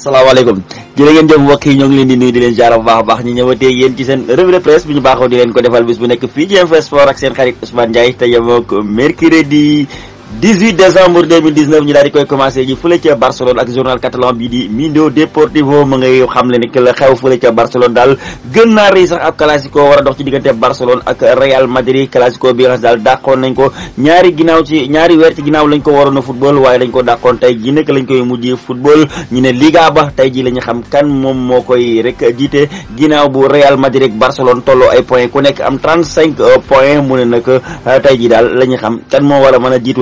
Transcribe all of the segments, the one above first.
salaamaaleykum jërë ngeen jëf mbokk yi ñoo ngi leen di nuyu di leen jaara bu baax a baax ñu ñëwatee yéen ci seen revue de presse bi di ko defal bis bu nekk fii ci Info ak seen xarit Ousmane Ndiaye te yemook mercredi 18 décembre 2019 ñu daal di koy commencé ji fële ca Barcelone ak journal catalan bi di Mundo Deportivo mu ngay xam le ni la xew fële ca Barcelone daal gën naa sax ab classico war dox ci diggante Barcelone ak Real Madrid classico bi xam daal dàqoon nañ ko ñaari ginnaaw ci ñaari weer ci ginnaaw lañ ko waroon a football waaye dañ ko dàqoon tey jii nag lañ koy mujjee football ñu ne Liga ba tey jii la xam kan moom moo koy rek jiite ginnaaw bu Real Madrid ak Barcelone tolloo a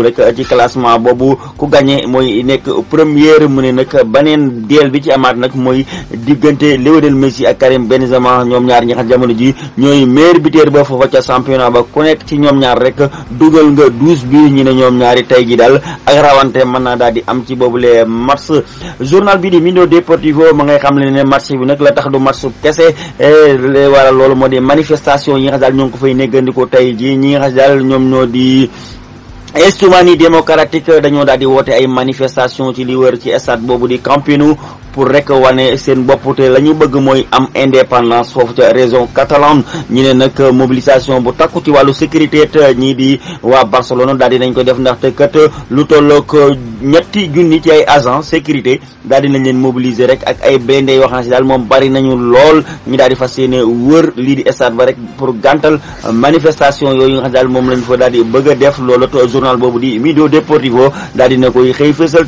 mën a ci classement boobu ku gagné mooy nekk première mu ne nag ba baneen deel bi ci amaat nag mooy diggante Lionel Messi ak Karim Benzema ñoom ñaar ñi xam jamono ji ñooy meilleur buteur ba foofa ca championnat ba ku nekk ci ñoom ñaar rek dugal nga douze bi ñi ne ñoom ñaari tey ji daal ak rawante mën naa daal di am ci boobu boobule match journal bi di Mundo Deportivo ma ngay xam le ne match bi nag la tax du match kese eh, wala loolu moo di manifestation yi nga xam daal ñoo ko fay néggandiko tey ji ñi nga ñoo di Estoumanie démocratique dañoo daal di woote ay manifestation ci li wër ci stade boobu di Camp pour rek wane seen bopp te la ñu bëgg mooy am indépendance foofu ca région catalane ñu ne nag mobilisation bu takku ci wàllu sécurité ñii di waa Barcelone daal di nañ ko def ndaxte kat lu tollook ñetti junni ci ay agent sécurité daal di nañ leen mobiliser rek ak ay blindés yoo xam ne si daal moom bari nañu lool ñu daal di fas yéene wër lii di stade ba rek pour gantal manifestation yooyu nga xam ne daal moom lañ fa daal di bëgg a def loolu journal boobu di Mundo Deportivo daal di na koy xëy fësal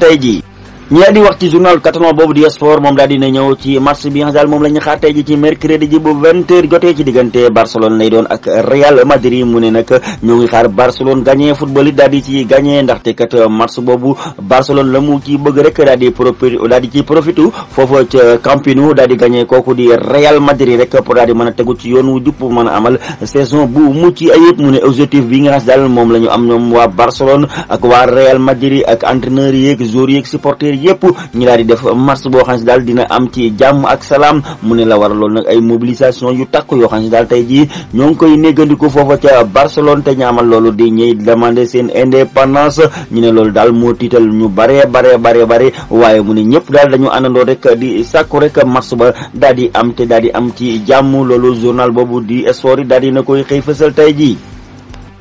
ñi di wax ci journal katanool bobu di sport moom daal dina ñew ci match bi nga dal mom lañu xarté ji ci mercredi ji bu 20 h jotee ci diggante barcelone lay doon ak real madrid mu né nak ñu ngi xaar barcelone gagné football daal di ci gagné té kat match bobu barcelone la mu ci bëgg rek daal di profiter daal di ci profitu fofu ci camp nou daal di gagné koku di real madrid rek pour daal di mëna téggu ci yoonu jupp amal saison bu ci ayep mu né objectif bi nga dal mom lañu am ñom wa barcelone ak wa real madrid ak entraîneur ak joueur ak supporter yëpp ñu daal def marche boo xam si daal dina am ci jàmm ak salaam mu ne la war loolu nag ay mobilisation yu takk yoo xam si daal tey jii ñoo ngi koy néggandiku foofa ca Barcelone te ñaamal loolu di ñuy demander seen indépendance ñu ne loolu daal moo tiital ñu bare bare bare bare waaye mu ne ñëpp daal dañu àndandoo rek di sàkku rek mars ba daal di am te daal di am ci jàmm loolu journal boobu di sport yi daal di na koy xëy fësal tey jii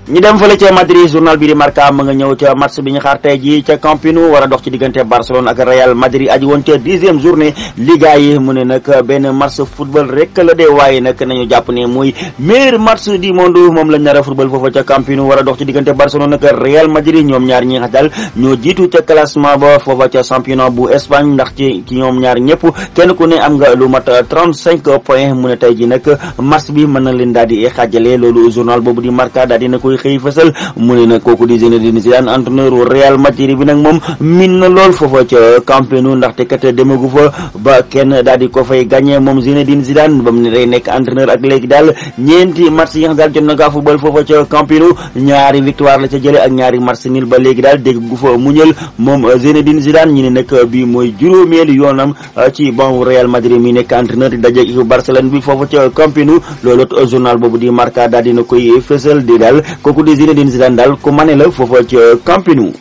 ñu dem fële ca Madrid journal bi di Marca ma nga ñëw ca match bi ñu tey jii ca Camp Nou a dox ci diggante Barcelone ak Real Madrid aji woon ca journée Liga yi mu ne nag benn match football rek la dee waaye nag nañu jàpp ne mooy meilleur match du monde moom la nar a football foofa ca Camp Nou war a dox ci diggante Barcelone ak Real Madrid ñoom ñaar ñi ñoo jiitu ca classement ba foofa ca championnat bu Espagne ndax ci ñoom ñaar ñëpp kenn ku ne am nga lu mu ne tey jii nag na leen daal di xaajale loolu journal boobu koy xëy fësal mu ne nag kooku di Zinedine Zidane entraîneur wu Real Madrid bi nag moom min na lool foofa ca Camp Nou ndaxte kat demagu fa ba kenn daal di ko fay gagné moom Zinedine Zidane ba mu nekk entraîneur ak léegi daal ñeenti match yi daal jot na kaa football foofa ca Camp ñaari victoire la ca jële ak ñaari match nil ba léegi daal dégg gu fa muñal moom Zinedine Zidane ñi ne nag bi mooy juróomeelu yoonam euh, ci banc Real Madrid mi nekk entraîneur kooku di Zinedine Zidane daal ku mane la foofa ca Camp Nou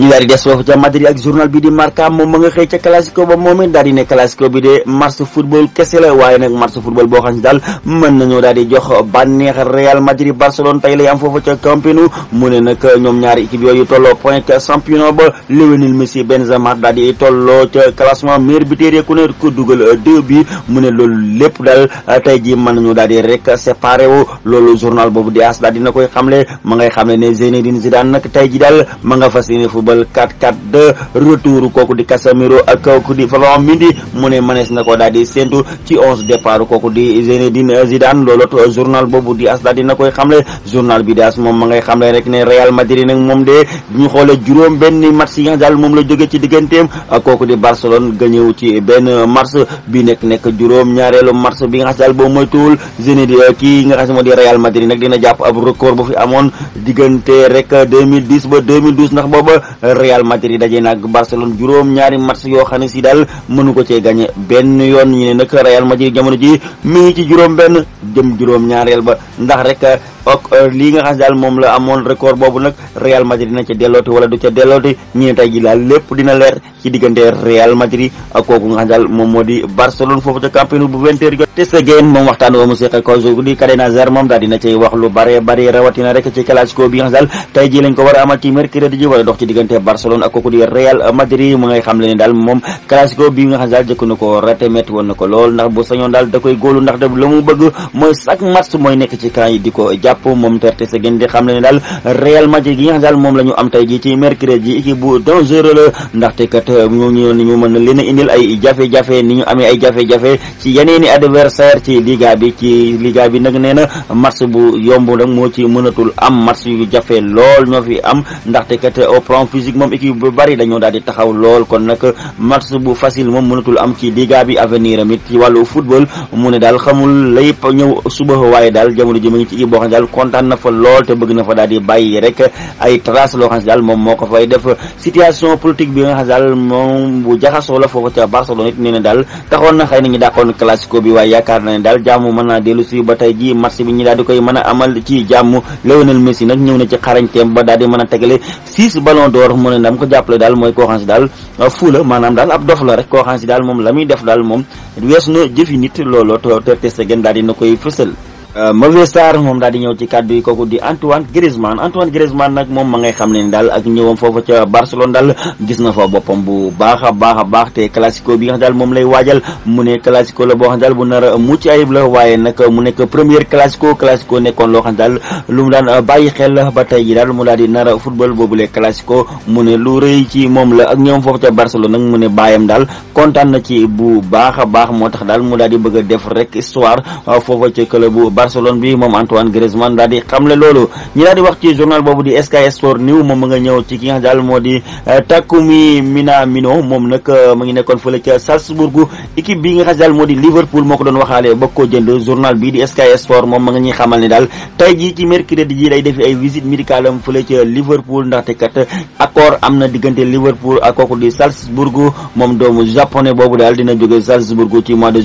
ñu dari des foofu ci Madrid ak journal bi di Marca mo ma nga xey ci classico ba momi dari ne classico bi de match football kese la waye nak match football bo xam dal daal nañu nañoo di jox banex Real Madrid Barcelone tay lay am fofu ci Camp Nou mu ne ñaari équipe yoyu tolo point champion ba Lionel Messi Benzema daal di tolloo ca classement meilleur buteur yi ku ne ko duggal eh, deux bi mu ne loolu lépp daal eh, tey ji mën nañu daal di rek séparé wu loolu journal bobu di as daal dina koy ma ngay xamlé ne Zinedine Zidane nak tay ji dal ma nga fasiyene football football 4-4-2 retour kooku di Casemiro ak kooku di Ferland Mendy mu ne manees na ko daal di séntu ci onze départ kooku di Zinedine Zidane loolu journal boobu di as daal dina koy xamle journal bi di as moom ma ngay xamle rek ne Real Madrid nag moom de ñu xoolee juróom benn match yi nga daal moom la jóge ci digganteem ak kooku di Barcelone gañëw ci benn match bi nekk nekk juróom ñaareelu match bi nga xam eh, di Real Madrid nag dina jàpp ab record bu Real Madrid daje nag Barcelone juróom ñaari match yoo xam ne si daal mënu ko cee gagné benn yoon ñu ne nag Real Madrid jamono ji mi ngi ci juróom benn jëm juróom ñaareel ba ndax rek ok euh, nga xam daal moom la amoon record boobu nag Real Madrid dina ca dellooti wala du ca dellooti ñu ne tey ji daal lépp dina leer ci diggante Real Madrid moom waxtaan wa mu seqe a amal ci mercredi ji a kooku di Real Madrid mu ngay xam le daal moom classico bi nga xam daal jëkk na ko rate metti woon na ko lool ndax bu sañoon daal da koy góolu ndax da la mu bëgg mooy chaque match mooy nekk ci camp di ko jàpp moom tertes gën di xam ne daal Real Madrid gi nga xam daal moom la am tey ji ci mercredi équipe bu dangereux la ndaxte kat ñoo a ni ñu amee ay jafe bi ci bi nag nee na match bu yomb nag moo ci mënatul am match yu jafe lool ñoo fi am ndaxte kat au plan physique moom équipe bu bari dañoo daal taxaw lool kon nag match bu facile moom mënatul am ci liga bi avenir amit ci wàllu football mu ne daal xamul lay ñëw suba waaye daal jamono ji ci équipe boo xam daal kontaan na fa lool te bëgg na fa daal di bàyyi rek ay trace loo xam si daal moom moo ko fay def situation politique bi nga xam daal moom bu jaxasoo la foofu ca Barcelone it nee daal taxoon na xëy na ñu dàqoon classico bi waaye yaakaar na ne daal jàmm mën naa dellu si ba tey ji match bi ñu daal di koy mën a amal ci jàmm Lionel Messi nag ñëw na ci xarañteem ba daal di mën a tegale six ballon d'or mu ne ndam ko jàppale daal mooy koo xam si daal ma euh, Maguette Sarr moom daal di ñëw ci kàddu yi kooku di Antoine Griezmann Antoine Griezmann nag moom ma ngay xam ne ni daal ak ñëwam foofu ca Barcelone daal gis na fa boppam bu baax a baax a baax te classico bi nga xam daal moom lay waajal mu ne classico la boo xam daal bu nar a waaye nag mu nekk première classico classico nekkoon loo xam daal lu mu daan bàyyi xel ba tey ji daal mu daal di nar a football boobule classico mu ne lu rëy ci moom la ak ñëwam foofu ca Barcelone nag mu ne bàyyam daal kontaan na ci bu baax a baax moo tax daal mu daal di bëgg a def rek histoire foofu ca club Barcelone bi moom Antoine Griezmann daal di xamle loolu ñi daal wax ci journal boobu di Sky Sport News moom mu nga ñëw ci ki nga xam daal moo di eh, Takumi Minamino moom nag eh, mu ngi nekkoon fële ca Salzburg équipe bi nga xam daal moo di Liverpool moo ko doon waxaale bëgg koo jënd journal bi di Sky Sport moom ma nga ñuy xamal ne daal tey jii ci mercredi ji lay defi ay visite médicale fële ca Liverpool ndaxte kat accord am na diggante Liverpool ak kooku di Salzburg moom doomu japonais boobu daal dina jóge Salzburg ci mois de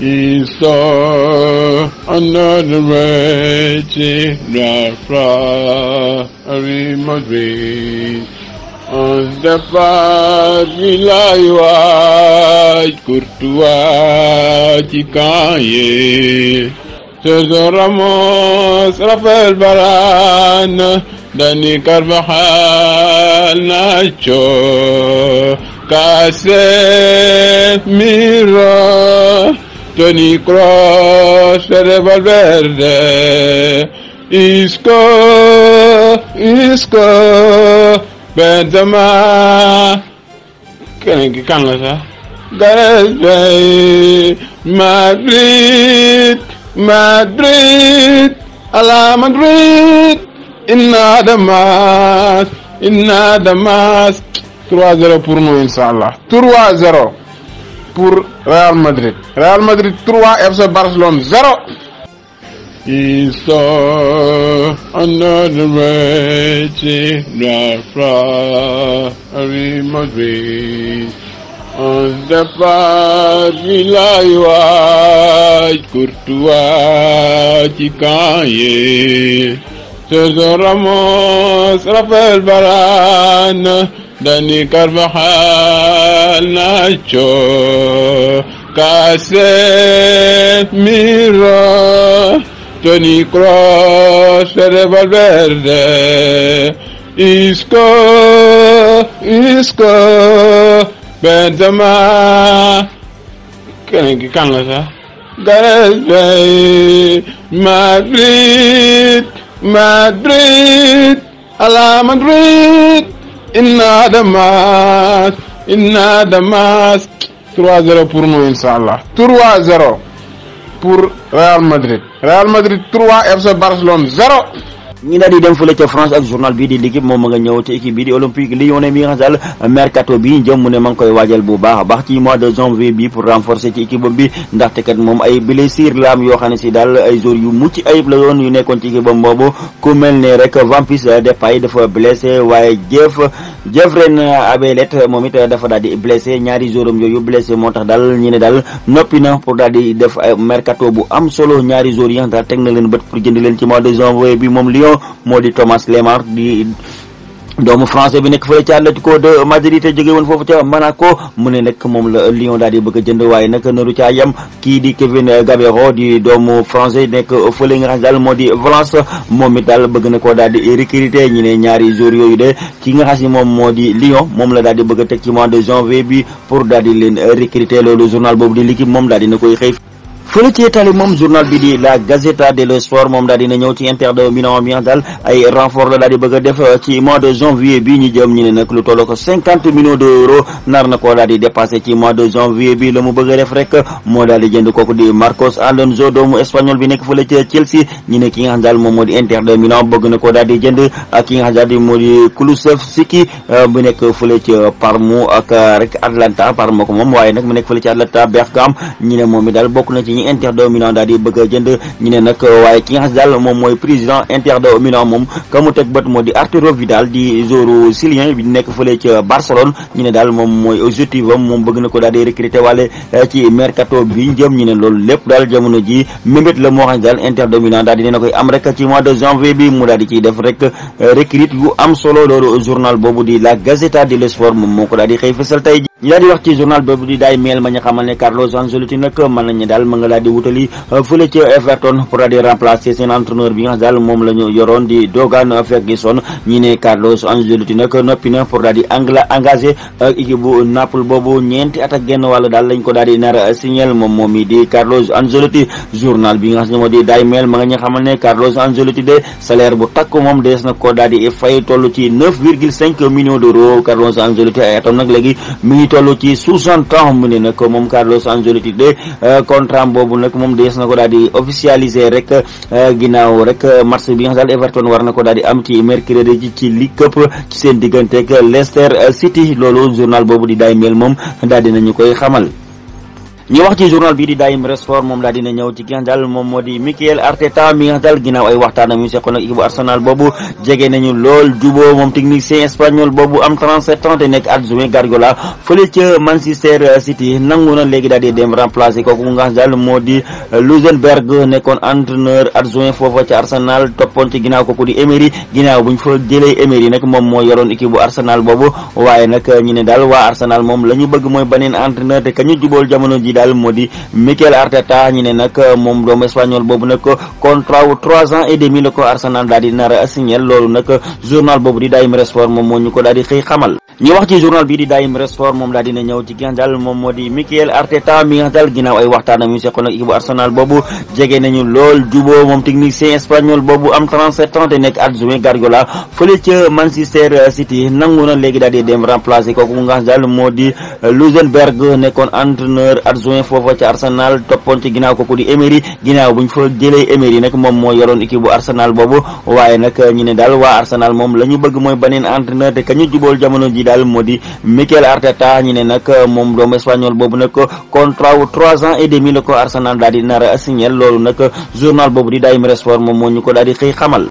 Isa anonymity Nafra Arimadrin Andafat Vilayuat Kurtuat Ikaye Cesar Ramos Rafael Baran Dani Carvajal Nacho Casemiro Tony Cross, Valverde, Isco, Isco, Benzema, quem can lançar? Gareth Madrid, Madrid, Ala Madrid, in nada mais, e nada mais, 3-0 por mim, inshallah, 3-0. pour Real Madrid. Real Madrid 3, FC Barcelone 0. He saw another waiting far Real Madrid. On the far Vilayuaj, Courtois, Chicaye, Sergio Ramos, Raphael Varane, Dani Carvajal, nacho case mira Tony Cross de Valverde Isco Isco Benzema Can can Gareth Bale Madrid Madrid Ala Madrid inna Damas 3-0 pour nous incha allah 3-0 pour Real Madrid Real Madrid 3 FC Barcelone 0. ñi daal di dem fële ca France ak journal bi di l'équipe moom ma nga ñëw ci équipe bi di olympique li mi nga xam daal mercato bi jëm mu ne ma ngi koy waajal bu baax a baax ci mois de janvier bi pour renforcer ci équipe bi ndaxte kat moom ay blessure la am yoo xam ne si daal ay joueurs yu mucc ayib la yoon yu nekkoon ci équipe boobu ku mel ne rek Memphis Depay dafa blessé waaye Jeff Jeffrey Abelet moom it dafa daal di blessé ñaari jouram yooyu blessé moo tax daal ñu ne daal noppi na pour daal di def euh, mercato bu am solo ñaari joueurs yi daal teg na leen bët pour jënd leen ci mois de janvier bi moom Lyon moo di Thomas Lemar doomu français bi nekk fële ci Atlético de Madrid te jóge woon foofu ca Monaco mu ne nag moom la Lyon daal di bëgg a jënd waaye nag naru caa yem kii di Kevin Gabeiro di doomu français nekk fële nga xam daal moo di Valence moom it daal bëgg na koo daal di recruter ñi ne ñaari joueurs yooyu de ki nga xam si moom moo di Lyon moom la daal di bëgg a teg ci mois de janvier bi pour daal di leen recruter loolu journal boobu di l'équipe moom daal dina koy xëy fële ci Italie moom journal bi di la Gazzetta dello Sport moom daal dina ñëw ci Inter de Milan mi daal ay renfort la daal di def euh, ci mois de janvier bi ñu jëm ñu ne nag lu tolloo ko cinquante millions nar na ko daal dépassé ci mois de janvier bi la mu bëgg a def rek moo daal di jënd kooku di Marcos Alonso doomu espagnol bi nekk fële ci Chelsea ñu ne ki nga xam moom moo di Inter de Milan bëgg na ko daal jënd ak ki nga xam moo di Kulusevski bu euh, nekk fële ci Parma euh, mu nekk ci Atalanta Bergame ñu ne moom mi daal ñi interdo Milan daal di bëgg a jënd ñu ne nag waaye ki nga daal moom mooy président interdo moom ka teg bët moo di Arturo Vidal di joueur Chilien bi nekk fële ca Barcelone ñu ne daal moom mooy objectif moom bëgg na ko daal di recruter wàlle eh, ci mercato bi jëm ñu ne loolu lépp daal jamono ji mébét la moo xam daal interdo daal di ne na koy am rek ci mois de janvier bi mu daal di ciy def rek eh, recrute yu am solo loolu journal boobu di La Gazzetta dello Sport moom moo ko daal di xëy fësal ya di wax ci journal boobu di day mail ma ñu xamal ne Carlo Ancelotti nañu ma nga di wutali ci Everton pour daal remplacer seen entraîneur bi nga di Dogan Ferguson ñi ne Carlo Ancelotti nag noppi na pour di angla engagé équipe bu Naples boobu ñeenti at ak genn wàll daal lañ ko di nar signal moom moom di Carlo Ancelotti journal bi nga xam di day mail ma nga ne Carlo de salaire bu ko di fay ci 9,5 millions d'euros Carlos Ancelotti ay atam nag tollu ci soixante temps mu ne nag moom Carlos Ancelotti de euh, contrat boobu nag moom des na ko daal di officialiser rek euh, ginnaaw rek euh, match bi nga xam daal Everton war na ko daal di am ci mercredi ji ci League Cup ci seen diggante ak Leicester City loolu journal boobu di daay mel moom daal nañu koy xamal ñu wax ci journal bii di daayim Sport moom laa dina ñëw ci ki moom moo di Mikel Arteta mi nga daal ginnaaw ay waxtaan ñu seqoon ak Arsenal boobu jege nañu lool juboo moom technicien espagnol boobu am nekk adjoint Guardiola fële ca Manchester City nangu na léegi daal di dem remplacer kooku nga daal moo di Luzenberg nekkoon entraîneur adjoint foofa ca Arsenal toppoon ci ginnaaw kooku di Emery ginnaaw buñ fa jëlee Emery nag moom moo yoroon équipe bu Arsenal boobu waaye nag ñu ne daal daal moo di Mikel Arteta ñu ne nag euh, moom doomu espagnol boobu nag euh, contrat ans et demi la ko Arsenal daal di nar a signé loolu nag euh, journal boobu di Daily moom moo ko daal di xëy xamal ñi wax ci journal bii di Daim Sport moom daal dina ñëw ci ki nga daal moom moo di Mikel Arteta mi nga daal ginnaaw ay waxtaan ak mu seqoon Arsenal boobu jege nañu lool juboo moom technicien espagnol boobu am nekk adjoint Guardiola fële ca Manchester City nangu na léegi daal di dem remplacer kooku nga daal moo di Luzenberg nekkoon entraîneur adjoint foofa ca Arsenal toppoon ci ginnaaw kooku di Emery ginnaaw buñ fa jëlee Emery nag moom moo la ñu bëgg daal moo di Mikel Arteta ñi ne nag euh, moom doomu espagnol boobu nag euh, contrat ans et demi la ko Arsenal daal di nar a signé loolu nag euh, journal boobu di Dailymail moom moo ñu ko daal di xëy xamal